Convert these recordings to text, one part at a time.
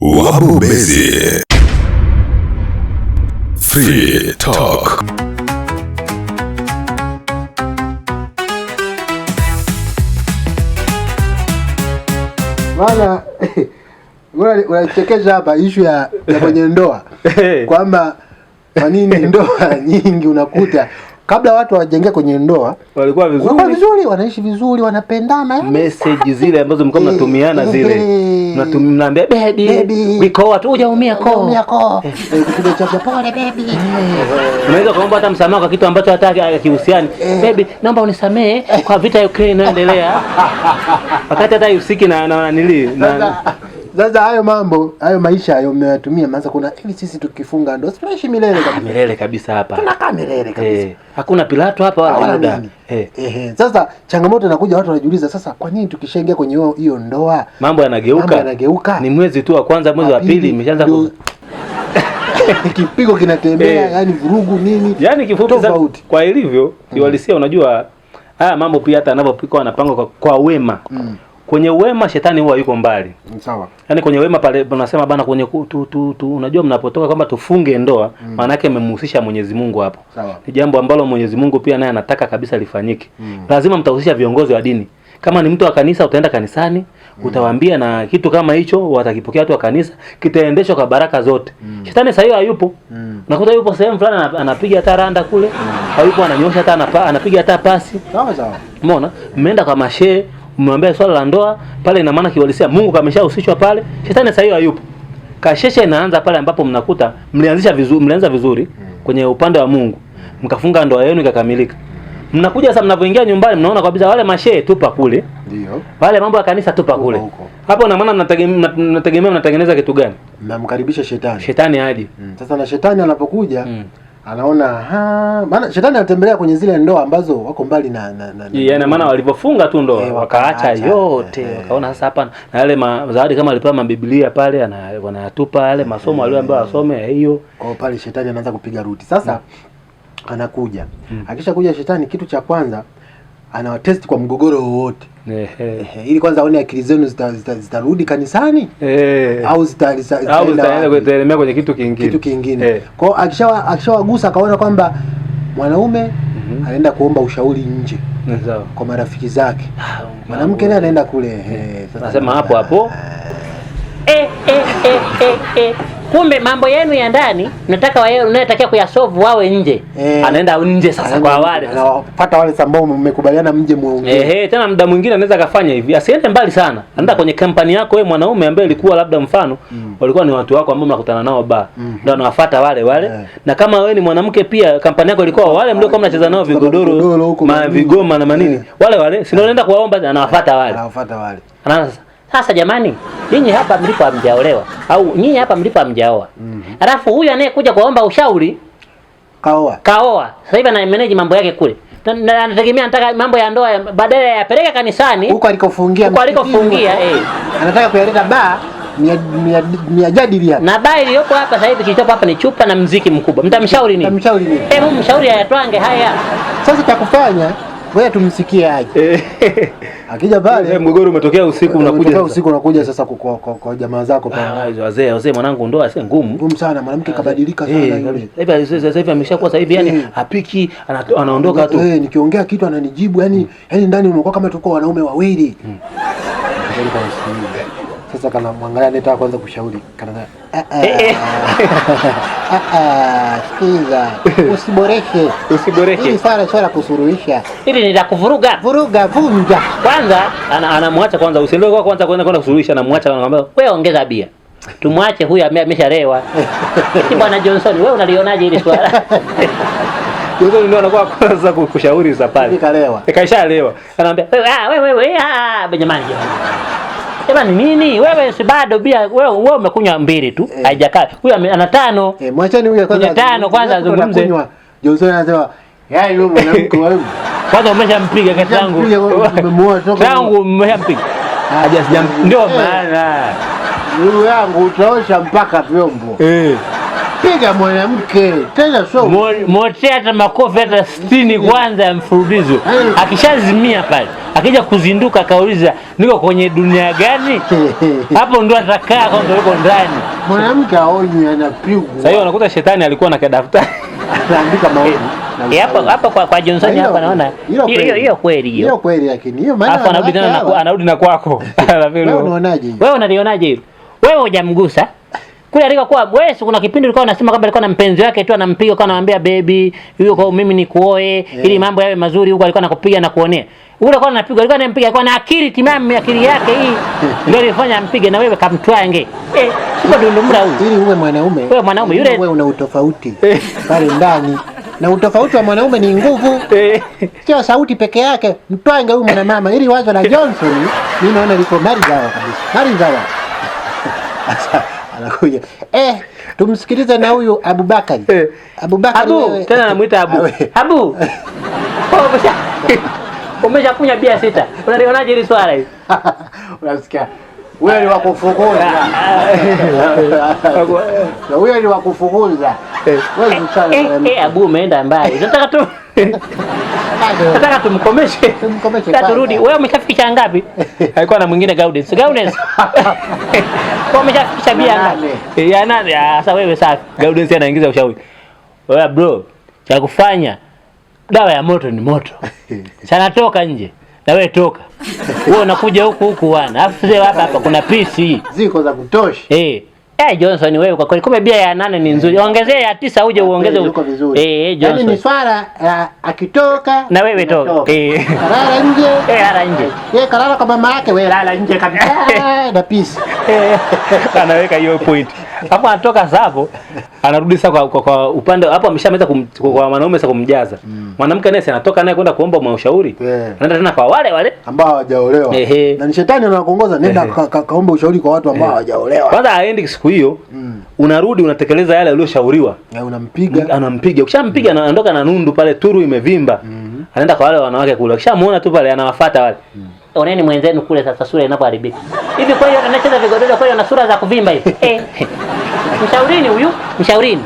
Wabobezi. Free Talk. Bwana unachekesha hapa ishu ya, ya kwenye ndoa kwamba kwa nini ndoa nyingi unakuta kabla watu hawajaingia kwenye ndoa walikuwa vizuri, walikuwa vizuri, wanaishi vizuri, wanapendana. Message zile ambazo mlikuwa mnatumiana eh, zile, eh. mnatumiana baby, baby bikoa tu, hujaumia ko, hujaumia ko, eh. pole baby. Unaweza kuomba hata msamaha kwa kitu ambacho hata akihusiani. Baby, naomba unisamee kwa vita ya Ukraine inaendelea, wakati hata husiki na na nili na sasa hayo mambo hayo maisha hayo mnayatumia, maanza kuna hivi, sisi tukifunga ndo tunaishi milele ah, kabisa, milele kabisa hapa tunakaa milele kabisa eh, hakuna Pilato hapa wala muda eh. Eh, sasa changamoto inakuja, watu wanajiuliza sasa, kwa nini tukishaingia kwenye hiyo ndoa mambo yanageuka? Mambo yanageuka, ni mwezi tu wa kwanza, mwezi wa pili imeshaanza ku kipigo kinatembea eh, yani vurugu nini, yani kifupi kwa ilivyo kiwalisia, unajua haya mambo pia hata anapopikwa anapangwa kwa, kwa wema mm kwenye wema shetani huwa yuko mbali. Mm, sawa. Yaani kwenye wema pale unasema bana kwenye ku, tu, tu, tu, unajua mnapotoka kwamba tufunge ndoa mm. maana yake mmemhusisha Mwenyezi Mungu hapo. Ni jambo ambalo Mwenyezi Mungu pia naye anataka kabisa lifanyike. Mm. Lazima mtahusisha viongozi wa dini. Kama ni mtu wa kanisa utaenda kanisani, mm. utawaambia na kitu kama hicho watakipokea watu wa kanisa, kitaendeshwa kwa baraka zote. Mm. Shetani sasa hiyo hayupo. Mm. Nakuta yupo sehemu fulani anapiga hata randa kule, mm. hayupo ananyosha hata anapiga hata pasi. Sawa sawa. Umeona? Mmeenda kwa mashehe mmemwambia swala la ndoa pale, ina maana kiwalisia Mungu kameshahusishwa pale, shetani sasa hiyo hayupo. Kashesha inaanza pale ambapo mnakuta mlianzisha vizuri, mlianza vizuri kwenye upande wa Mungu, mkafunga ndoa yenu ikakamilika. Mnakuja sasa, mnapoingia nyumbani, mnaona kabisa wale mashehe tupa kule, ndio wale mambo ya kanisa tupa kule. Hapo ina maana mnategemea mnatengeneza kitu gani? Mnamkaribisha shetani, shetani aje. Mm. Sasa na shetani anapokuja mm anaona maana shetani anatembelea kwenye zile ndoa ambazo wako mbali na, na, na, na, na maana walivyofunga tu ndoa e, wakaacha waka eh, yote e, wakaona sasa hapana, na yale zawadi kama alipewa mabiblia pale wanayatupa yale masomo aliyoambiwa asome hiyo. Kwa hiyo pale shetani anaanza kupiga ruti sasa, hmm. anakuja hmm. akisha kuja shetani, kitu cha kwanza anawatest kwa mgogoro wowote ili kwanza aone akili zenu zitarudi zita, zita kanisani au zitaenda kwenye kitu kingine kitu kingine. Kwa hiyo akishawa akishawagusa akaona kwamba mwanaume mm -hmm. anaenda kuomba ushauri nje kwa marafiki zake, ah, mwanamke naye anaenda kule, nasema hapo hapo ah. Eh, eh, eh, Kumbe mambo yenu ya ndani nataka wao unayetakiwa kuyasolve wawe nje eh, anaenda nje sasa kwa wale anapata wale ambao mmekubaliana mje muongee eh, eh, tena muda mwingine anaweza kafanya hivi, asiende mbali sana, mm. anaenda kwenye kampani yako wewe mwanaume ambaye ilikuwa labda mfano mm, walikuwa ni watu wako ambao mnakutana nao ba mm Ndio anawafuata wale wale yeah. Na kama wewe ni mwanamke pia kampani yako ilikuwa wale mliokuwa mnacheza nao vigodoro ma vigoma na manini yeah. wale wale si ndio anaenda kuwaomba, anawafuata wale anawafuata wale anaanza sasa jamani, ninyi hapa mlipo hamjaolewa au nyinyi hapa mlipo hamjaoa. Mm -hmm. Alafu huyu anayekuja kuomba ushauri kaoa. Kaoa. Sasa hivi ana manage mambo yake kule. Anategemea nataka mambo ya ndoa badala ya yapeleka kanisani huko alikofungia. Huko alikofungia eh. Anataka kuyaleta baa jadili hapa. Na ba iliyopo hapa sasa hivi kilichopo hapa ni chupa na mziki mkubwa. Mtamshauri nini? Mtamshauri nini? Eh, mshauri ayatwange haya. Sasa cha kufanya wewe tumsikie aje. Eh. Akija pale mgogoro umetokea usiku unakuja. Usiku unakuja sasa kwa kwa jamaa zako ah, pale. Hizo Wazee wazee, mwanangu ndoa sasa ngumu. Ngumu sana, mwanamke ah, kabadilika eh, sana yule. Hivi sasa hivi ameshakuwa sasa hivi yani eh. hapiki, anaondoka tu. Eh, nikiongea kitu ananijibu yani hmm. yani ndani umekuwa kama tuko wanaume wawili. Hmm. Sasa kana mwangalia neta kwanza kushauri. Kana. Ah, Sikiza, ah, ah, usiboreshe usiboreshe hili swala, swala kusuruhisha hili ni la kuvuruga vuruga, vunja kwanza. Anamwacha ana kwanza, usiende kwa kwanza kwenda kwenda kusuruhisha, anamwacha anakwambia, wewe ongeza bia, tumwache huyu, amesharewa bwana Johnson. Wewe unalionaje hili swala? Ndio ndio anakuwa kwanza kukushauri za pale, e, kaisha lewa, anaambia wewe, ah wewe wewe, ah jamani, jamani Sema ni nini? Wewe si bado bia wewe wewe umekunywa mbili tu. Eh. Haijakaa. E. Huyu ana tano. Eh, mwachani huyu kwanza. Tano kwanza azungumze. Johnson anasema, "Yeye yaani yule mwanamke wangu." Kwanza umeshampiga kati yangu. Umemwoa toka. Yangu umeshampiga. Haja ah, ah, sija ndio eh. maana. Huyu yangu utaosha mpaka vyombo. Eh. Piga mwanamke tena sio. Motea hata makofi hata 60 eh. kwanza ya mfululizo. Akishazimia pale akija kuzinduka akauliza niko kwenye dunia gani? hapo ndo atakaa kwa ndo yuko ndani. Mwanamke aoni anapigwa. Sasa hiyo unakuta shetani alikuwa na kadaftari anaandika maoni. Eh, eh, hapa hapa kwa kwa Johnson hapa naona hiyo hiyo kweli hiyo. Hiyo kweli lakini hiyo maana anarudi tena na anarudi na kwako. Wewe unaonaje Wewe unalionaje hilo? Wewe hujamgusa kule alika kuwa Bwesu kuna kipindi ulikuwa unasema kwamba alikuwa na mpenzi wake tu anampiga kwa anamwambia baby, hiyo kwa mimi ni kuoe yeah, ili mambo yawe mazuri huko, alikuwa anakupiga na kuonea. Ule kwa anapiga, alikuwa anampiga alikuwa na akili timamu, akili yake hii ndio ilifanya ampige, na wewe kamtwange. Eh, sio dundumla huyu. Ili uwe mwanaume. Wewe mwanaume yule wewe una utofauti eh. pale ndani. Na utofauti wa mwanaume ni nguvu. Eh. Sio sauti peke yake. Mtwange huyu mwanamama, ili wazo la Johnson mimi naona liko mali zao kabisa. mali zao anakuja eh, tumsikilize na huyu Abubakari eh. Abubakari Abu, tena namuita Abu Abu oh, umeshakunya bia sita, unalionaje hili swala hili? Unasikia wewe ni wakufukuza, huyo ni wakufukuza Eh, eh, eh, Abu umeenda mbali, nataka tumkomeshe, turudi. Wewe umeshafikisha ngapi? Alikuwa na mwingine Gaudens, Gaudens umeshafikisha bia ngapi? Ya nani? Ah, sasa wewe safi. Gaudens anaingiza ushauri, wewe bro, cha kufanya dawa ya moto ni moto sana, toka nje na wewe toka wewe, unakuja huku huku wana, alafu hapa hapa kuna PC ziko za kutosha eh Eh, Johnson wewe kwa kweli kumbe bia ya nane ni nzuri. Eh. Ongezea ya tisa uje uongeze. Yuko vizuri. Eh, eh, Johnson. Yaani ni swala uh, akitoka na wewe toka. Eh. Kalala nje. Eh, lala nje. Yeye kalala kwa mama yake, wewe lala nje kabisa. Na peace. Anaweka hiyo point hapo anatoka hapo anarudi sasa kwa, kwa, kwa upande hapo ameshamaliza kwa wanaume sasa kumjaza mm. mwanamke naye anatoka naye kwenda kuomba ushauri yeah. anaenda tena kwa wale wale ambao hawajaolewa na ni shetani anakuongoza nenda ka, ka, kaomba ka, ushauri kwa watu ambao eh. hawajaolewa kwanza haendi siku hiyo mm. unarudi unatekeleza yale aliyoshauriwa yeah, unampiga anampiga ukishampiga mm. anaondoka na nundu pale turu imevimba mm. anaenda kwa wale wanawake kule ukishamuona tu pale anawafuata wale mm oneni mwenzenu kule sasa sura inapoharibika. Hivi kwa hiyo anacheza vigodoro, kwa hiyo na sura za kuvimba hivi. Eh. Mshaurini huyu, mshaurini.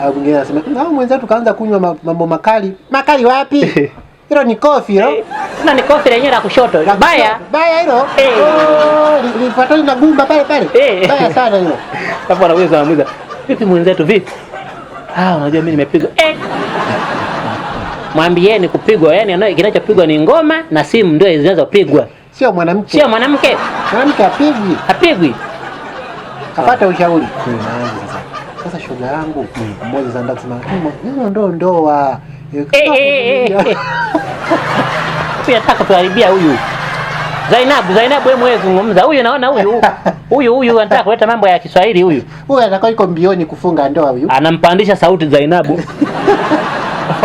Ah, mwingine anasema, "Hao mwenzetu kaanza kunywa mambo makali." Makali wapi? Hilo ni kofi hilo. Eh, na ni kofi lenyewe la kushoto. Baya. Baya hilo. Eh. Oh, lifuatani na gumba pale pale. Eh. Baya sana hilo. Alafu anaweza anamuuliza, "Vipi mwenzetu vipi?" Ah, unajua mimi nimepiga. Eh mwambie ni kupigwa, yani kinachopigwa ni ngoma na simu ndio zinazopigwa, sio mwanamke. Sio mwanamke, mwanamke hapigwi, hapigwi, kapata ah. ushauri. Sasa shoga yangu mmoja zanataka kusema hiyo ndo ndoa pia eh, eh, eh, nataka kuharibia huyu Zainabu, Zainabu wewe mwewe zungumza. Huyu naona huyu huyu huyu anataka kuleta mambo ya Kiswahili huyu. Huyu atakuwa iko mbioni kufunga ndoa huyu. Anampandisha sauti Zainabu.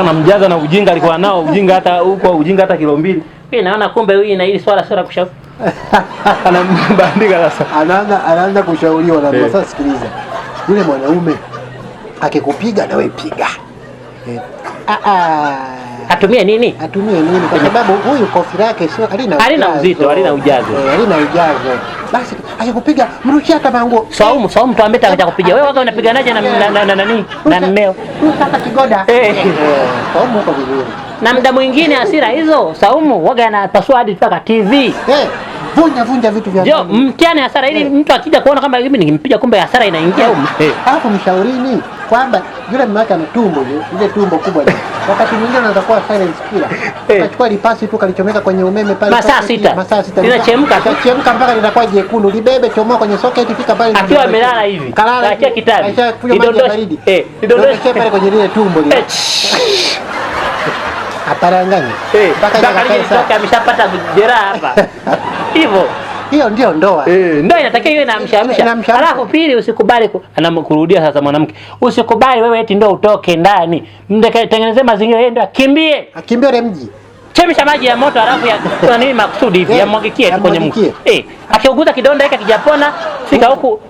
namjaza na ujinga alikuwa nao ujinga hata huko ujinga hata kilo mbili. Naona kumbe huyu na hili swala sio kushauri. Anambandika sasa. Anaanza anaanza kushauriwa na sasa, sikiliza. Yule mwanaume akikupiga na wewe piga. Ah ah. Atumie nini? Atumie nini? Kwa sababu huyu kofi lake sio Alina uzito, alina ujazo. alina ujazo basi akikupiga mrushia hata nguo. Saumu, Saumu tuambie atakupiga. Wewe waka unapiganaje na na nani? Na mmeo. Sasa Kigoda. Eh. eh Saumu uko vizuri. Na muda mwingine hasira hizo Saumu waga anapasua hadi mpaka TV. Eh vunja vunja vitu vya ndio mtiane hasara ili hey, eh. mtu akija kuona kama mimi nikimpiga kumbe hasara inaingia huko. Eh. Alafu mshaurini kwamba yule mume wake ana tumbo ile tumbo kubwa. Wakati mwingine anaweza kuwa silence killer. Akachukua eh. lipasi tu kalichomeka kwenye umeme pale masaa sita. Masaa sita. Linachemka. Linachemka mpaka linakuwa jekundu. Libebe chomoa kwenye socket fika pale. Akiwa amelala hivi. Kalala. Akia kitabu. Akia kunywa maji ya baridi. Eh. Lidondoshe pale kwenye lile tumbo lile. Aparanganye. Mpaka ameshapata jeraha hapa. hivyo hiyo ndio ndoa eh, ndoa inatakiwa iwe inaamshaamsha. Alafu pili, usikubali anamkurudia sasa. Mwanamke usikubali wewe eti ndio utoke ndani, mtengeneze mazingira yeye ndio akimbie, akimbie ile mji. Chemsha maji ya moto, alafu ya kwa nini makusudi hivi, eh, yamwagikie tu kwenye eh, mtu eh, akiuguza kidonda hiki kijapona, fika huku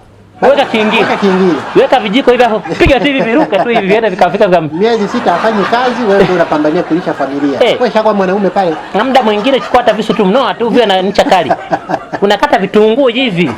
Weka kiingilio. Weka kiingilio. Weka vijiko hivi hapo. Piga tu hivi viruka tu hivi viende vikafika vika. Miezi sita afanye kazi, wewe ndio unapambania kulisha familia. Hey. Eh. Wewe shaka mwanaume pale. Na muda mwingine chukua hata visu tu mnoa tu vile na ncha kali. Unakata vitunguu hivi.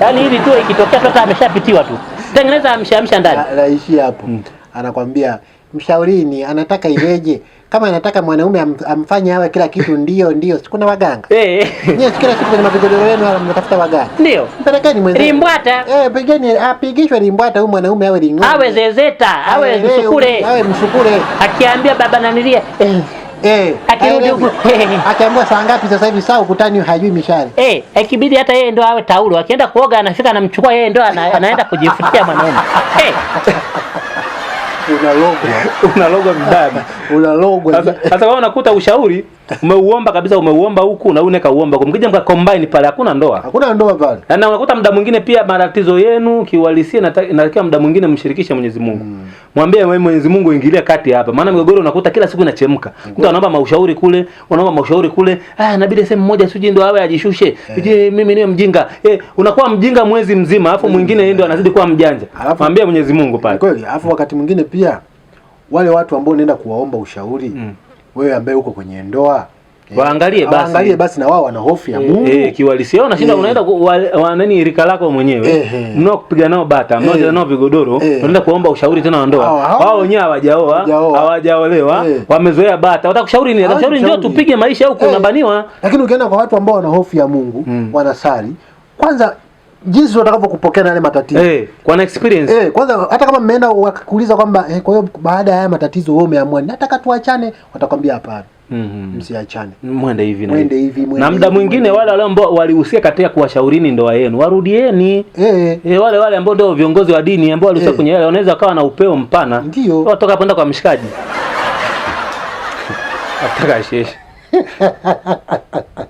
Yaani hivi tu ikitokea hata ameshapitiwa tu. Tengeneza amshamsha ndani. Anaishia hapo. Hmm. Anakwambia mshaurini, anataka iweje? Kama anataka mwanaume am, amfanye awe kila kitu ndio ndio, kuna waganga eh? Yes, kila siku kwenye magodoro yenu mnatafuta waganga, ndio mpelekeni mwenzenu rimbwata eh, pigeni apigishwe rimbwata huyu mwanaume awe lingo, awe zezeta, awe msukule, eh, awe msukule, akiambia baba nanilia eh Eh, akirudi huko eh. akiambia saa ngapi sasa hivi, saa ukutani hajui mishale eh, ikibidi hata yeye ndo awe taulo, akienda kuoga anafika anamchukua yeye ndo anaenda kujifutia mwanaume eh unalogwa unalogwa vibaya, unalogwa. hata kama unakuta ushauri umeuomba kabisa, umeuomba huku na une kauomba huku, mkija mka combine pale, hakuna ndoa, hakuna ndoa pale. Na unakuta muda mwingine pia matatizo yenu kiuhalisia, natakiwa muda mwingine mshirikishe Mwenyezi Mungu mm. Mwambie wewe Mwenyezi Mungu ingilia kati hapa, maana migogoro unakuta kila siku inachemka. Mm. Mtu anaomba maushauri kule, anaomba maushauri kule, ah, inabidi sehemu moja suji ndo awe ajishushe, eh. mimi niwe mjinga eh, unakuwa mjinga mwezi mzima, afu mwingine yeye ndo anazidi kuwa mjanja. Mwambie Mwenyezi Mungu pale kweli, afu wakati mwingine pia wale watu ambao nenda kuwaomba ushauri mm wewe ambaye uko kwenye ndoa eh, waangalie basi, waangalie basi na wao wana hofu ya eh, Mungu eh, kiwalisia na shida. Eh. Unaenda wa nani rika lako mwenyewe mnao kupiga nao bata mnao nao vigodoro, unaenda kuomba ushauri tena wa ndoa. Wao wenyewe hawajaoa hawajaolewa, wamezoea bata. Watakushauri nini? Atakushauri njoo tupige maisha huko, unabaniwa. Lakini ukienda kwa watu ambao wana hofu ya Mungu, mm. wanasali kwanza jinsi watakavyokupokea na yale matatizo hey, eh, kwa na experience hey, eh, kwanza hata kama mmeenda wakakuuliza kwamba hey, eh, kwa hiyo baada ya haya matatizo wewe umeamua nataka tuachane, watakwambia hapana. Mm -hmm. Msiachane, mwende hivi na mwende hivi mwende na muda mwingine, wale wale ambao walihusika katika kuwashaurini ndoa yenu warudieni. Eh, e, wale wale ambao ndio viongozi wa dini ambao walihusika e, kwenye yale wanaweza kawa na upeo mpana, ndio watoka kwenda kwa mshikaji ataka sheshe